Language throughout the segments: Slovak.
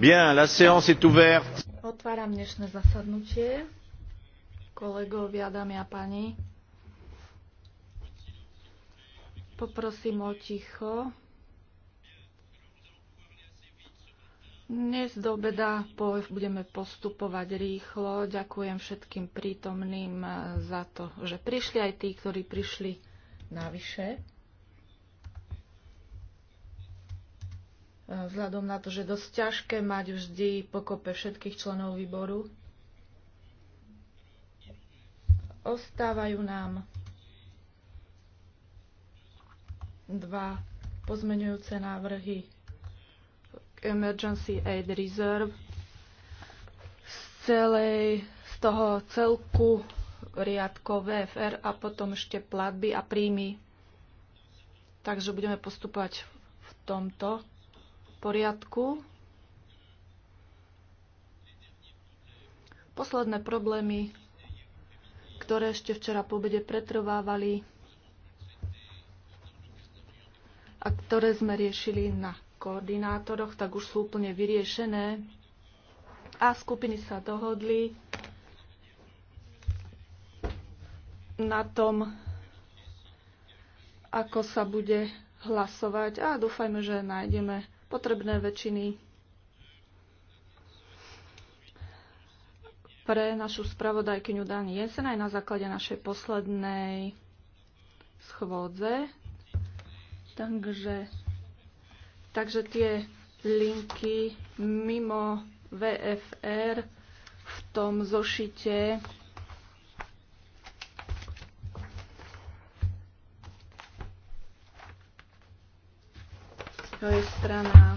Bien, la séance est ouverte. Otváram dnešné zasadnutie. Kolegovia, dámy a páni, poprosím o ticho. Dnes do obeda budeme postupovať rýchlo. Ďakujem všetkým prítomným eh, za to, že prišli aj tí, ktorí prišli navyše. vzhľadom na to, že dosť ťažké mať vždy pokope všetkých členov výboru. Ostávajú nám dva pozmenujúce návrhy Emergency Aid Reserve z, celej, z toho celku riadko VFR a potom ešte platby a príjmy. Takže budeme postupovať v tomto poriadku. Posledné problémy, ktoré ešte včera po obede pretrvávali a ktoré sme riešili na koordinátoroch, tak už sú úplne vyriešené. A skupiny sa dohodli na tom, ako sa bude hlasovať a dúfajme, že nájdeme potrebné väčšiny pre našu spravodajkyňu Dani Jensen aj na základe našej poslednej schôdze. Takže, takže tie linky mimo VFR v tom zošite To je strana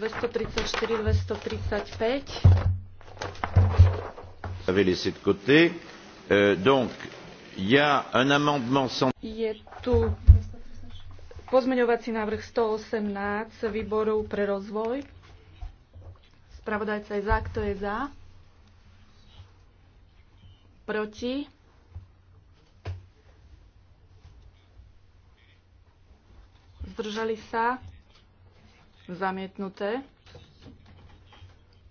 234-235. Vous avez laissé de côté. Euh, donc, il y a un amendement sans... Je tu pozmeňovací návrh 118 výboru pre rozvoj. Spravodajca je za, kto je za? Proti? zdržali sa, zamietnuté.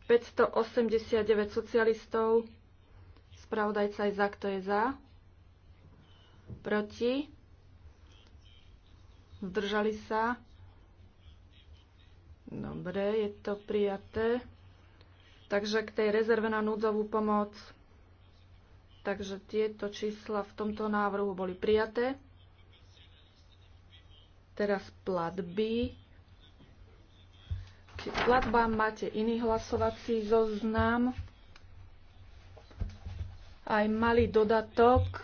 589 socialistov, spravodajca je za, kto je za, proti, zdržali sa, dobre, je to prijaté. Takže k tej rezerve na núdzovú pomoc. Takže tieto čísla v tomto návrhu boli prijaté teraz platby. K platbám máte iný hlasovací zoznam, aj malý dodatok, e,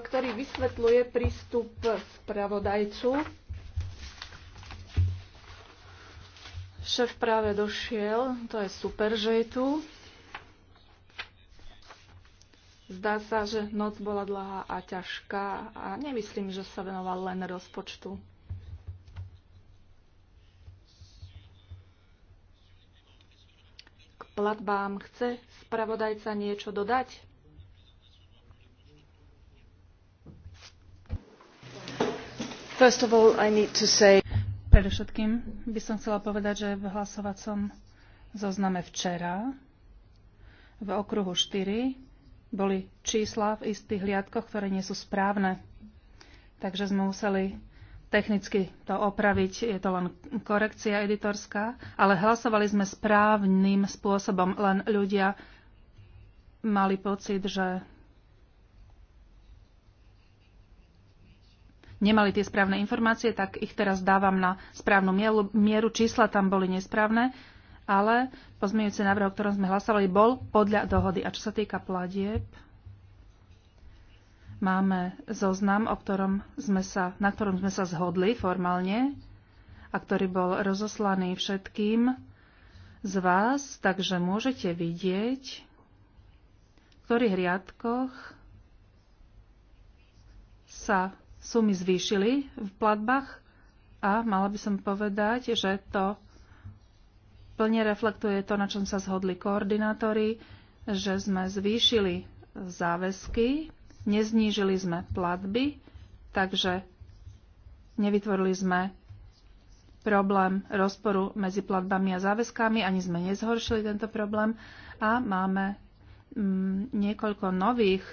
ktorý vysvetľuje prístup spravodajcu. Šéf práve došiel, to je super, že je tu. Zdá sa, že noc bola dlhá a ťažká a nemyslím, že sa venoval len rozpočtu. K platbám chce spravodajca niečo dodať? First of all, I need to say... Predovšetkým by som chcela povedať, že v hlasovacom zozname včera v okruhu 4 boli čísla v istých hliadkoch, ktoré nie sú správne. Takže sme museli technicky to opraviť, je to len korekcia editorská, ale hlasovali sme správnym spôsobom, len ľudia mali pocit, že nemali tie správne informácie, tak ich teraz dávam na správnu mieru. Čísla tam boli nesprávne, ale pozmeňujúci návrh, o ktorom sme hlasovali, bol podľa dohody. A čo sa týka platieb, máme zoznam, o ktorom sme sa, na ktorom sme sa zhodli formálne a ktorý bol rozoslaný všetkým z vás, takže môžete vidieť, v ktorých riadkoch sa sumy zvýšili v platbách a mala by som povedať, že to plne reflektuje to, na čom sa zhodli koordinátori, že sme zvýšili záväzky, neznížili sme platby, takže nevytvorili sme problém rozporu medzi platbami a záväzkami, ani sme nezhoršili tento problém a máme mm, niekoľko nových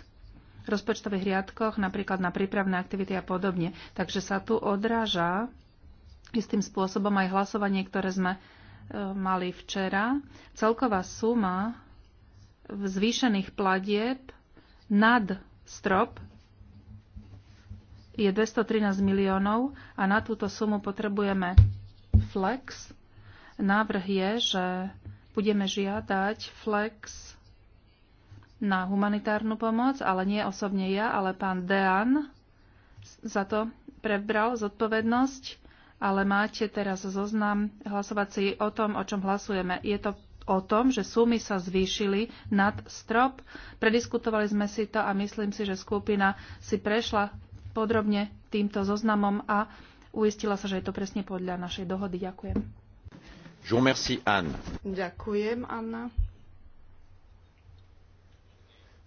rozpočtových riadkoch, napríklad na prípravné aktivity a podobne. Takže sa tu odráža istým spôsobom aj hlasovanie, ktoré sme mali včera, celková suma zvýšených platieb nad strop je 213 miliónov a na túto sumu potrebujeme flex. Návrh je, že budeme žiadať flex na humanitárnu pomoc, ale nie osobne ja, ale pán Dean za to prebral zodpovednosť ale máte teraz zoznam hlasovací o tom, o čom hlasujeme. Je to o tom, že sumy sa zvýšili nad strop. Prediskutovali sme si to a myslím si, že skupina si prešla podrobne týmto zoznamom a uistila sa, že je to presne podľa našej dohody. Ďakujem. Merci, Anne. Ďakujem, Anna.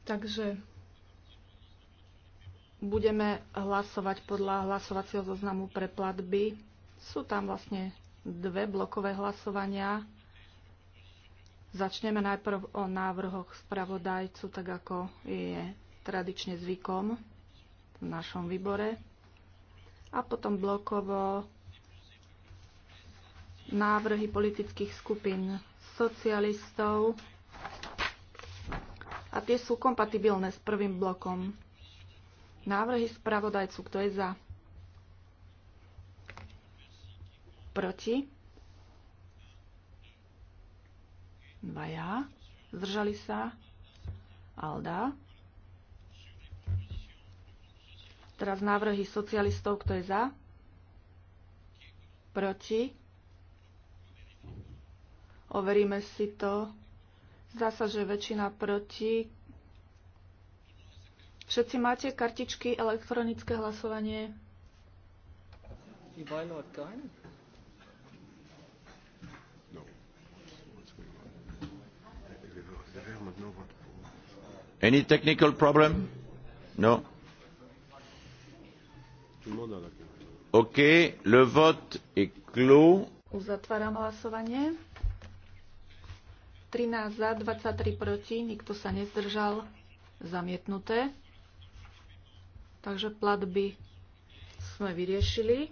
Takže budeme hlasovať podľa hlasovacieho zoznamu pre platby. Sú tam vlastne dve blokové hlasovania. Začneme najprv o návrhoch spravodajcu, tak ako je tradične zvykom v našom výbore. A potom blokovo návrhy politických skupín socialistov. A tie sú kompatibilné s prvým blokom. Návrhy spravodajcu, kto je za? Proti? Dvaja. Zdržali sa? Alda. Teraz návrhy socialistov, kto je za? Proti? Overíme si to. Zdá sa, že väčšina proti. Všetci máte kartičky elektronické hlasovanie? Die Any technical problem? No. OK, le vote est clos. Uzatváram hlasovanie. 13 za, 23 proti, nikto sa nezdržal, zamietnuté. Takže platby sme vyriešili.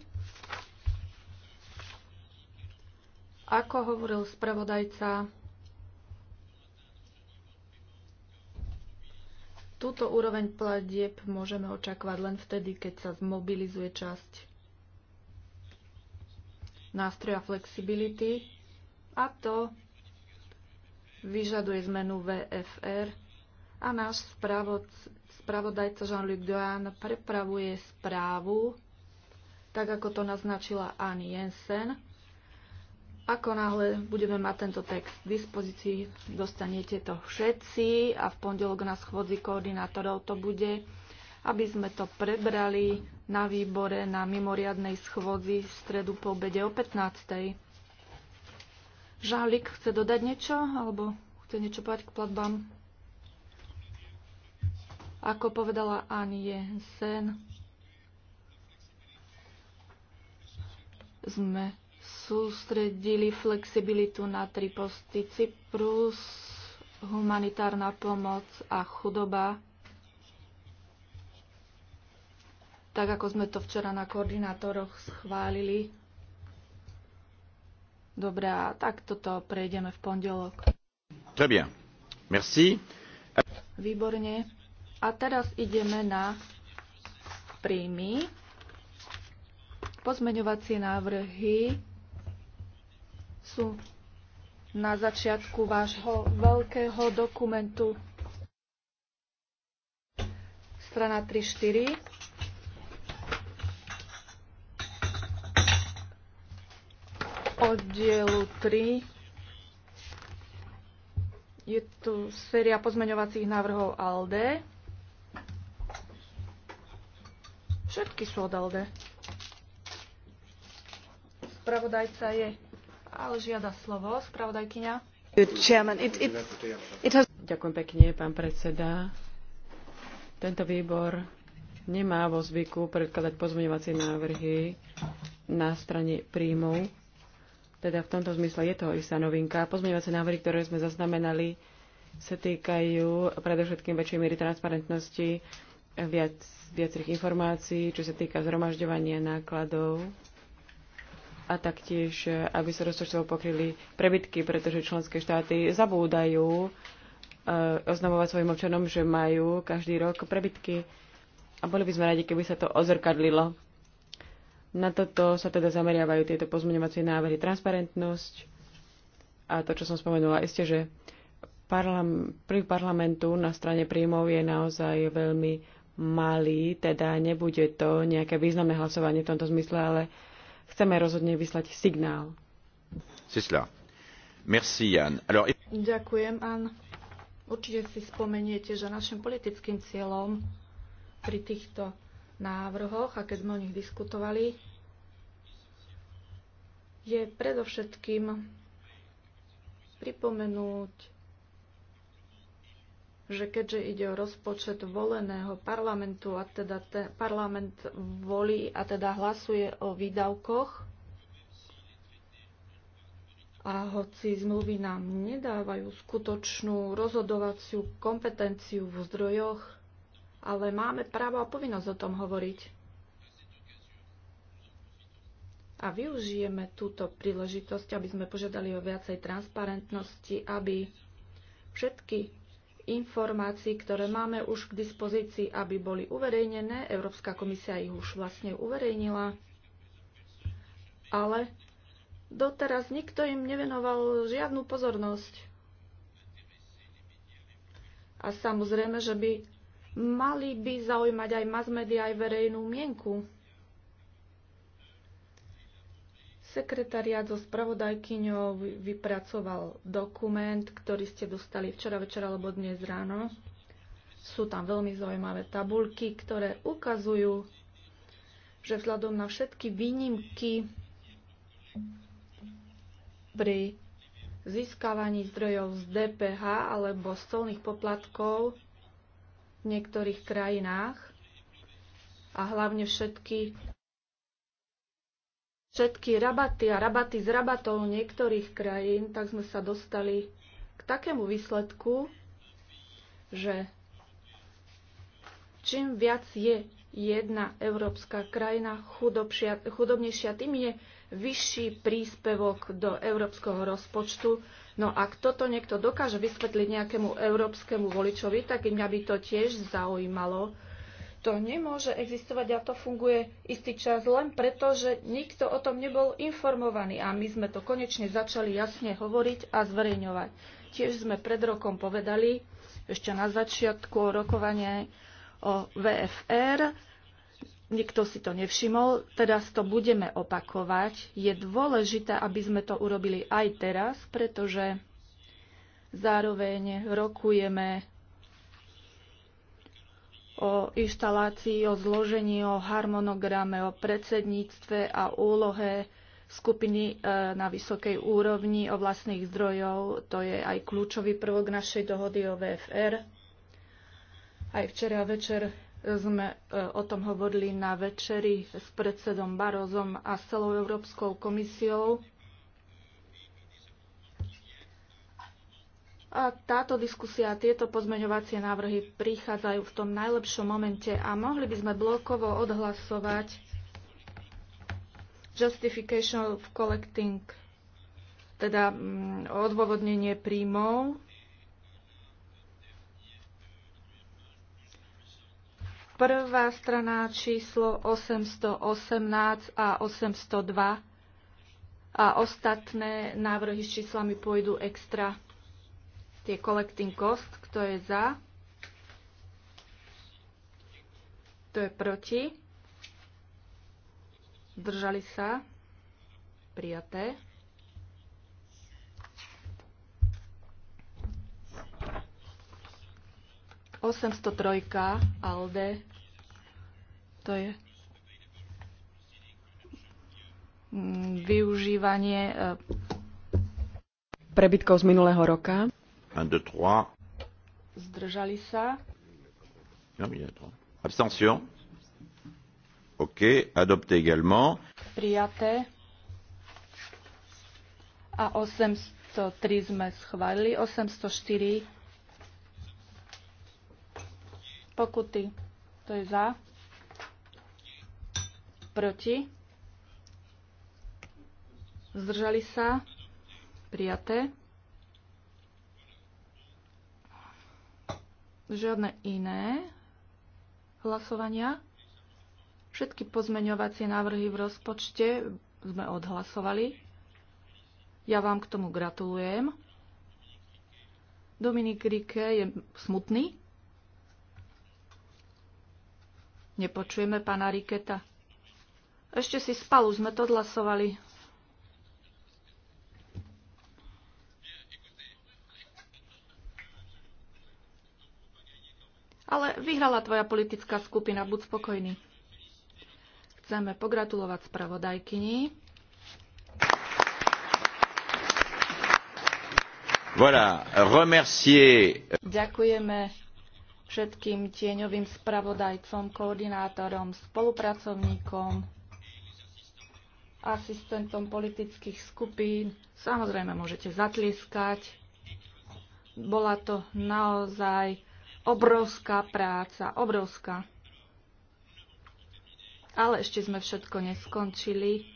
Ako hovoril spravodajca, Túto úroveň platieb môžeme očakávať len vtedy, keď sa zmobilizuje časť nástroja flexibility a to vyžaduje zmenu VFR a náš spravodajca Jean-Luc Doan prepravuje správu, tak ako to naznačila Anne Jensen ako náhle budeme mať tento text k dispozícii, dostanete to všetci a v pondelok na schôdzi koordinátorov to bude, aby sme to prebrali na výbore na mimoriadnej schôdzi v stredu po obede o 15. Žálik chce dodať niečo alebo chce niečo povedať k platbám? Ako povedala Ani Sen, sme sústredili flexibilitu na tri posty Cyprus, humanitárna pomoc a chudoba. Tak ako sme to včera na koordinátoroch schválili. Dobre, a tak toto prejdeme v pondelok. Très bien. Merci. Výborne. A teraz ideme na príjmy. Pozmeňovacie návrhy sú na začiatku vášho veľkého dokumentu. Strana 3-4. Oddielu 3. Je tu séria pozmeňovacích návrhov Ald. Všetky sú od ALD. Spravodajca je ale žiada slovo spravodajkyňa. Ďakujem pekne, pán predseda. Tento výbor nemá vo zvyku predkladať pozmeňovacie návrhy na strane príjmov. Teda v tomto zmysle je toho istá novinka. Pozmeňovacie návrhy, ktoré sme zaznamenali, sa týkajú predovšetkým väčšej miery transparentnosti, viac, viacerých informácií, čo sa týka zhromažďovania nákladov a taktiež, aby sa rozpočtovo pokryli prebytky, pretože členské štáty zabúdajú e, oznamovať svojim občanom, že majú každý rok prebytky. A boli by sme radi, keby sa to ozrkadlilo. Na toto sa teda zameriavajú tieto pozmeňovacie návrhy. Transparentnosť a to, čo som spomenula, isté, že parlam- pri parlamentu na strane príjmov je naozaj veľmi malý, teda nebude to nejaké významné hlasovanie v tomto zmysle, ale chceme rozhodne vyslať signál. Merci, Alors... Ďakujem, Anne. Určite si spomeniete, že našim politickým cieľom pri týchto návrhoch, a keď sme o nich diskutovali, je predovšetkým pripomenúť že keďže ide o rozpočet voleného parlamentu a teda te, parlament volí a teda hlasuje o výdavkoch a hoci zmluvy nám nedávajú skutočnú rozhodovaciu kompetenciu v zdrojoch, ale máme právo a povinnosť o tom hovoriť. A využijeme túto príležitosť, aby sme požiadali o viacej transparentnosti, aby všetky informácií, ktoré máme už k dispozícii, aby boli uverejnené. Európska komisia ich už vlastne uverejnila, ale doteraz nikto im nevenoval žiadnu pozornosť. A samozrejme, že by mali by zaujímať aj mass media, aj verejnú mienku. Sekretariat so spravodajkyňou vypracoval dokument, ktorý ste dostali včera večera alebo dnes ráno. Sú tam veľmi zaujímavé tabulky, ktoré ukazujú, že vzhľadom na všetky výnimky pri získavaní zdrojov z DPH alebo z colných poplatkov v niektorých krajinách a hlavne všetky všetky rabaty a rabaty z rabatov niektorých krajín, tak sme sa dostali k takému výsledku, že čím viac je jedna európska krajina chudobnejšia, tým je vyšší príspevok do európskeho rozpočtu. No a ak toto niekto dokáže vysvetliť nejakému európskemu voličovi, tak mňa by to tiež zaujímalo, to nemôže existovať a to funguje istý čas len preto, že nikto o tom nebol informovaný a my sme to konečne začali jasne hovoriť a zverejňovať. Tiež sme pred rokom povedali, ešte na začiatku rokovania o VFR, nikto si to nevšimol, teraz to budeme opakovať. Je dôležité, aby sme to urobili aj teraz, pretože zároveň rokujeme o inštalácii, o zložení, o harmonograme, o predsedníctve a úlohe skupiny e, na vysokej úrovni o vlastných zdrojov. To je aj kľúčový prvok našej dohody o VFR. Aj včera večer sme e, o tom hovorili na večeri s predsedom Barozom a celou Európskou komisiou. A táto diskusia, tieto pozmeňovacie návrhy prichádzajú v tom najlepšom momente a mohli by sme blokovo odhlasovať justification of collecting, teda mm, odôvodnenie príjmov. Prvá strana číslo 818 a 802 a ostatné návrhy s číslami pôjdu extra tie collecting cost, kto je za, kto je proti, Držali sa, prijaté. Osemsto trojka ALDE, to je mm, využívanie e, prebytkov z minulého roka. 1, 2, 3. Zdržali sa. Non, il y a 3. Abstention. OK. Adopté également. Prijaté. A 803 sme schválili. 804 pokuty. To je za. Proti. Zdržali sa. Prijaté. žiadne iné hlasovania. Všetky pozmeňovacie návrhy v rozpočte sme odhlasovali. Ja vám k tomu gratulujem. Dominik Rike je smutný. Nepočujeme pána Riketa. Ešte si spalu, sme to odhlasovali. Vyhrala tvoja politická skupina, buď spokojný. Chceme pogratulovať spravodajkyni. Voilà, remercier... Ďakujeme všetkým tieňovým spravodajcom, koordinátorom, spolupracovníkom, asistentom politických skupín. Samozrejme, môžete zatlieskať. Bola to naozaj obrovská práca, obrovská. Ale ešte sme všetko neskončili.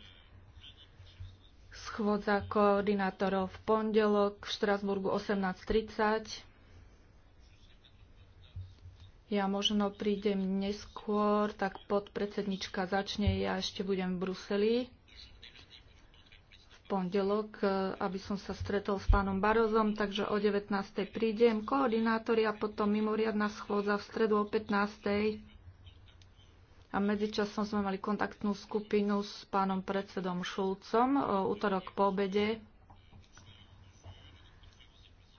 Schôdza koordinátorov v pondelok v Štrasburgu 18.30. Ja možno prídem neskôr, tak podpredsednička začne, ja ešte budem v Bruseli pondelok, e, aby som sa stretol s pánom Barozom, takže o 19. prídem, koordinátori a potom mimoriadná schôdza v stredu o 15. A medzičasom sme mali kontaktnú skupinu s pánom predsedom Šulcom e, útorok po obede,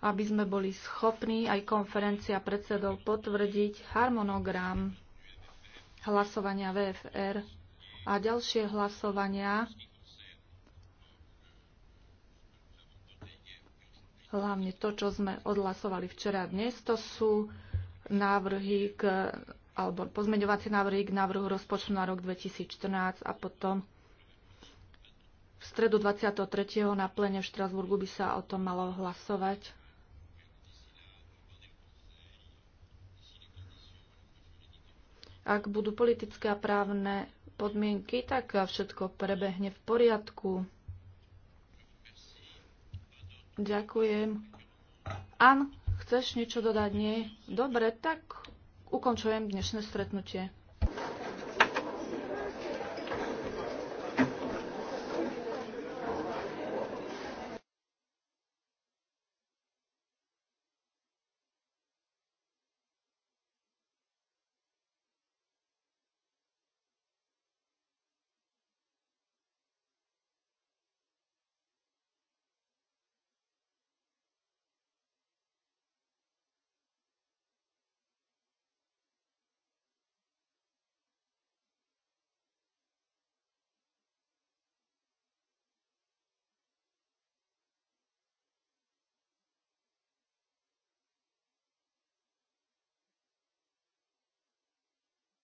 aby sme boli schopní aj konferencia predsedov potvrdiť harmonogram hlasovania VFR a ďalšie hlasovania hlavne to, čo sme odhlasovali včera a dnes, to sú návrhy k, alebo pozmeňovacie návrhy k návrhu rozpočtu na rok 2014 a potom v stredu 23. na plene v Štrasburgu by sa o tom malo hlasovať. Ak budú politické a právne podmienky, tak všetko prebehne v poriadku. Ďakujem. An, chceš niečo dodať? Nie? Dobre, tak ukončujem dnešné stretnutie.